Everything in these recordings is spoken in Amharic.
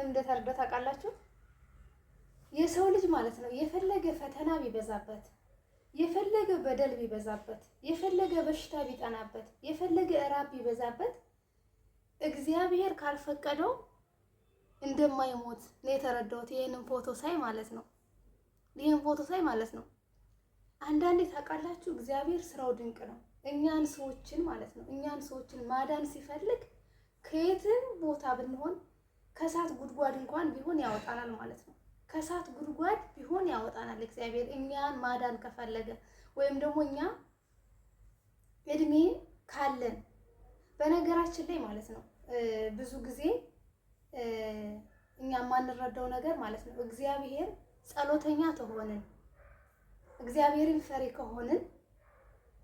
ምን እንደተረዳሁ ታውቃላችሁ? የሰው ልጅ ማለት ነው የፈለገ ፈተና ቢበዛበት፣ የፈለገ በደል ቢበዛበት፣ የፈለገ በሽታ ቢጠናበት፣ የፈለገ እራብ ቢበዛበት እግዚአብሔር ካልፈቀደው እንደማይሞት ነው የተረዳሁት። ይህንን ፎቶ ሳይ ማለት ነው ይህን ፎቶ ሳይ ማለት ነው። አንዳንዴ ታውቃላችሁ እግዚአብሔር ስራው ድንቅ ነው። እኛን ሰዎችን ማለት ነው እኛን ሰዎችን ማዳን ሲፈልግ ከየትም ቦታ ብንሆን ከእሳት ጉድጓድ እንኳን ቢሆን ያወጣናል ማለት ነው። ከእሳት ጉድጓድ ቢሆን ያወጣናል እግዚአብሔር እኛን ማዳን ከፈለገ ወይም ደግሞ እኛ እድሜ ካለን በነገራችን ላይ ማለት ነው ብዙ ጊዜ እኛ የማንረዳው ነገር ማለት ነው እግዚአብሔር ጸሎተኛ ተሆንን እግዚአብሔርን ፈሪ ከሆንን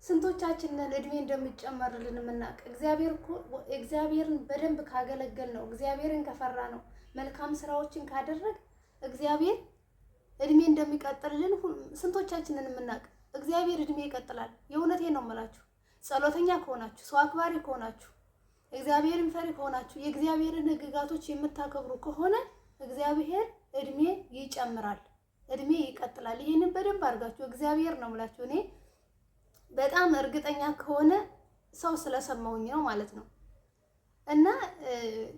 ስንቶቻችንን እድሜ እንደሚጨመርልን የምናውቅ እግዚአብሔርን በደንብ ካገለገል ነው፣ እግዚአብሔርን ከፈራ ነው፣ መልካም ስራዎችን ካደረግ እግዚአብሔር እድሜ እንደሚቀጥልልን ስንቶቻችንን የምናውቅ እግዚአብሔር እድሜ ይቀጥላል። የእውነቴ ነው የምላችሁ። ጸሎተኛ ከሆናችሁ ሰው አክባሪ ከሆናችሁ እግዚአብሔርን ፈሪ ከሆናችሁ የእግዚአብሔርን ህግጋቶች የምታከብሩ ከሆነ እግዚአብሔር እድሜ ይጨምራል፣ እድሜ ይቀጥላል። ይህንን በደንብ አድርጋችሁ እግዚአብሔር ነው የምላችሁ እኔ በጣም እርግጠኛ ከሆነ ሰው ስለሰማውኝ ነው ማለት ነው። እና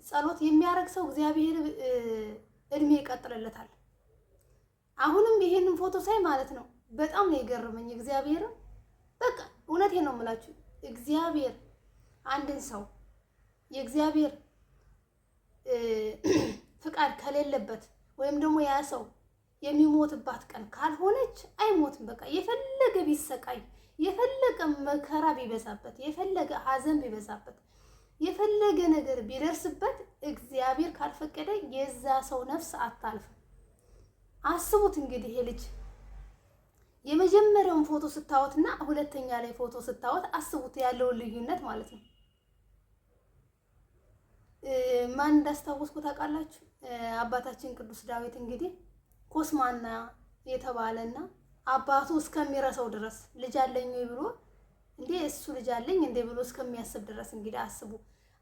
ጸሎት የሚያደርግ ሰው እግዚአብሔር እድሜ ይቀጥልለታል። አሁንም ይሄንን ፎቶ ሳይ ማለት ነው በጣም ነው የገረመኝ። እግዚአብሔርም በቃ እውነቴ ነው የምላችሁ እግዚአብሔር አንድን ሰው የእግዚአብሔር ፍቃድ ከሌለበት ወይም ደግሞ ያ ሰው የሚሞትባት ቀን ካልሆነች አይሞትም። በቃ የፈለገ ቢሰቃይ የፈለገ መከራ ቢበዛበት፣ የፈለገ ሀዘን ቢበዛበት፣ የፈለገ ነገር ቢደርስበት እግዚአብሔር ካልፈቀደ የዛ ሰው ነፍስ አታልፍም። አስቡት እንግዲህ ይሄ ልጅ የመጀመሪያውን ፎቶ ስታወትና ሁለተኛ ላይ ፎቶ ስታወት አስቡት ያለውን ልዩነት ማለት ነው። ማን እንዳስታወስኩ ታውቃላችሁ? አባታችን ቅዱስ ዳዊት እንግዲህ ኮስማና የተባለና አባቱ እስከሚረሳው ድረስ ልጅ አለኝ ብሎ እንዴ እሱ ልጅ አለኝ እንዴ ብሎ እስከሚያስብ ድረስ እንግዲህ አስቡ።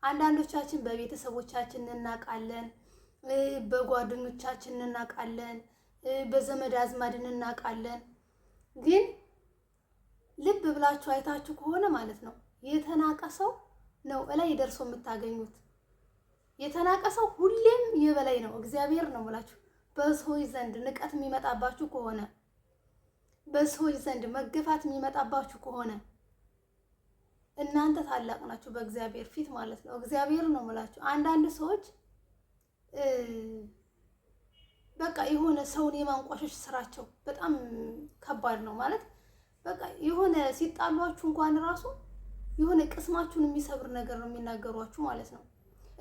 አንዳንዶቻችን በቤተሰቦቻችን እናውቃለን፣ በጓደኞቻችን እናውቃለን፣ በዘመድ አዝማድን እናውቃለን። ግን ልብ ብላችሁ አይታችሁ ከሆነ ማለት ነው የተናቀ ሰው ነው እላይ ደርሶ የምታገኙት። የተናቀ ሰው ሁሌም የበላይ ነው። እግዚአብሔር ነው ብላችሁ በሰዎች ዘንድ ንቀት የሚመጣባችሁ ከሆነ በሰዎች ዘንድ መገፋት የሚመጣባችሁ ከሆነ እናንተ ታላቅ ናችሁ በእግዚአብሔር ፊት ማለት ነው። እግዚአብሔር ነው የምላችሁ። አንዳንድ ሰዎች በቃ የሆነ ሰውን የማንቋሸሽ ስራቸው በጣም ከባድ ነው ማለት በቃ የሆነ ሲጣሏችሁ እንኳን ራሱ የሆነ ቅስማችሁን የሚሰብር ነገር ነው የሚናገሯችሁ ማለት ነው።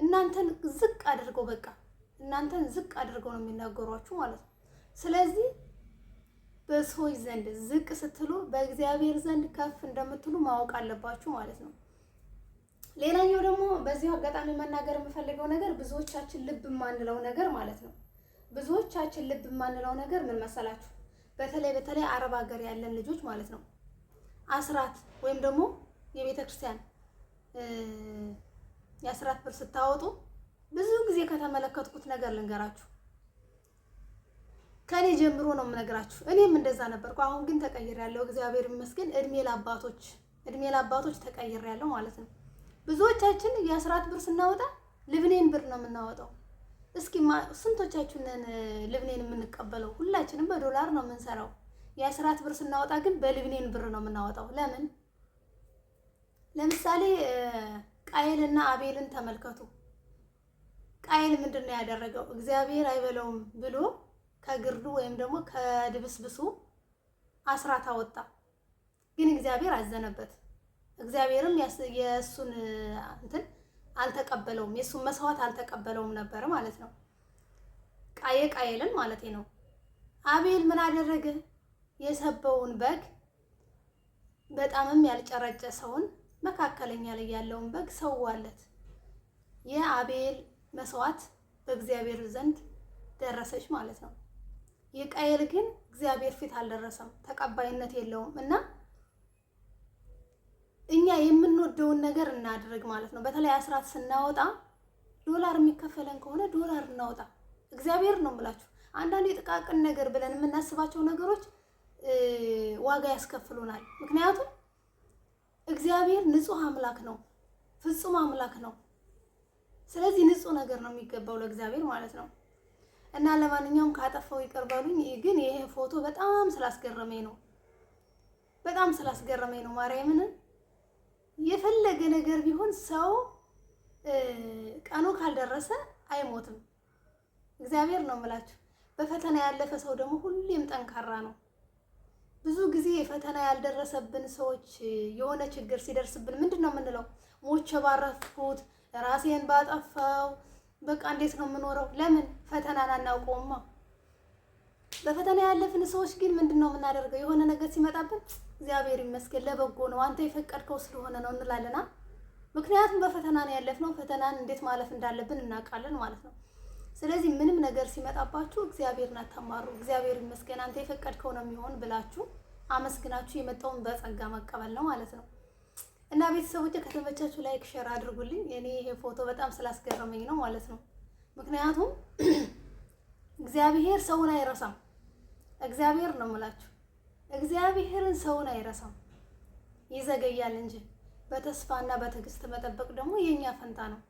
እናንተን ዝቅ አድርገው በቃ እናንተን ዝቅ አድርገው ነው የሚናገሯችሁ ማለት ነው። ስለዚህ በሰዎች ዘንድ ዝቅ ስትሉ በእግዚአብሔር ዘንድ ከፍ እንደምትሉ ማወቅ አለባችሁ ማለት ነው። ሌላኛው ደግሞ በዚሁ አጋጣሚ መናገር የምፈልገው ነገር ብዙዎቻችን ልብ የማንለው ነገር ማለት ነው። ብዙዎቻችን ልብ የማንለው ነገር ምን መሰላችሁ? በተለይ በተለይ አረብ ሀገር ያለን ልጆች ማለት ነው አስራት ወይም ደግሞ የቤተ ክርስቲያን የአስራት ብር ስታወጡ ብዙ ጊዜ ከተመለከትኩት ነገር ልንገራችሁ ከኔ ጀምሮ ነው የምነግራችሁ። እኔም እንደዛ ነበርኩ። አሁን ግን ተቀይሬያለሁ፣ እግዚአብሔር ይመስገን። እድሜ ለአባቶች እድሜ ለአባቶች ተቀይሬያለሁ ማለት ነው። ብዙዎቻችን የአስራት ብር ስናወጣ ልብኔን ብር ነው የምናወጣው። እስኪ ስንቶቻችንን ልብኔን የምንቀበለው? ሁላችንም በዶላር ነው የምንሰራው። የአስራት ብር ስናወጣ ግን በልብኔን ብር ነው የምናወጣው። ለምን? ለምሳሌ ቃየልና አቤልን ተመልከቱ። ቃየል ምንድን ነው ያደረገው? እግዚአብሔር አይበለውም ብሎ ከግርዱ ወይም ደግሞ ከድብስብሱ አስራት አወጣ። ግን እግዚአብሔር አዘነበት። እግዚአብሔርም የእሱን እንትን አልተቀበለውም፣ የእሱን መስዋዕት አልተቀበለውም ነበር ማለት ነው። ቃየ ቃየልን ማለት ነው። አቤል ምን አደረገ? የሰበውን በግ በጣምም ያልጨረጨ ሰውን መካከለኛ ላይ ያለውን በግ ሰዋለት። የአቤል መስዋዕት በእግዚአብሔር ዘንድ ደረሰች ማለት ነው። የቃየል ግን እግዚአብሔር ፊት አልደረሰም፣ ተቀባይነት የለውም እና እኛ የምንወደውን ነገር እናድርግ ማለት ነው። በተለይ አስራት ስናወጣ ዶላር የሚከፈለን ከሆነ ዶላር እናወጣ። እግዚአብሔር ነው የምላችሁ። አንዳንድ የጥቃቅን ነገር ብለን የምናስባቸው ነገሮች ዋጋ ያስከፍሉናል። ምክንያቱም እግዚአብሔር ንጹህ አምላክ ነው፣ ፍጹም አምላክ ነው። ስለዚህ ንጹህ ነገር ነው የሚገባው ለእግዚአብሔር ማለት ነው። እና ለማንኛውም ካጠፋው ይቅር በሉኝ። ግን ይሄ ፎቶ በጣም ስላስገረመኝ ነው፣ በጣም ስላስገረመኝ ነው። ማርያምን የፈለገ ነገር ቢሆን ሰው ቀኑ ካልደረሰ አይሞትም። እግዚአብሔር ነው የምላችሁ። በፈተና ያለፈ ሰው ደግሞ ሁሌም ጠንካራ ነው። ብዙ ጊዜ ፈተና ያልደረሰብን ሰዎች የሆነ ችግር ሲደርስብን ምንድን ነው የምንለው? ሞቼ ባረፍኩት፣ ራሴን ባጠፋው በቃ እንዴት ነው የምኖረው? ለምን ፈተናን አናውቀውማ። በፈተና ያለፍን ሰዎች ግን ምንድን ነው የምናደርገው? የሆነ ነገር ሲመጣብን እግዚአብሔር ይመስገን ለበጎ ነው አንተ የፈቀድከው ስለሆነ ነው እንላለና ምክንያቱም በፈተናን ያለፍነው ፈተናን እንዴት ማለፍ እንዳለብን እናውቃለን ማለት ነው። ስለዚህ ምንም ነገር ሲመጣባችሁ እግዚአብሔርን አታማሩ። እግዚአብሔር ይመስገን አንተ የፈቀድከው ነው የሚሆን ብላችሁ አመስግናችሁ የመጣውን በጸጋ መቀበል ነው ማለት ነው። እና ቤተሰቦች ከተመቻችሁ ላይክ ሼር አድርጉልኝ። እኔ ይሄ ፎቶ በጣም ስላስገረመኝ ነው ማለት ነው። ምክንያቱም እግዚአብሔር ሰውን አይረሳም። እግዚአብሔር ነው የምላችሁ፣ እግዚአብሔርን ሰውን አይረሳም። ይዘገያል እንጂ በተስፋና በትዕግስት መጠበቅ ደግሞ የእኛ ፈንታ ነው።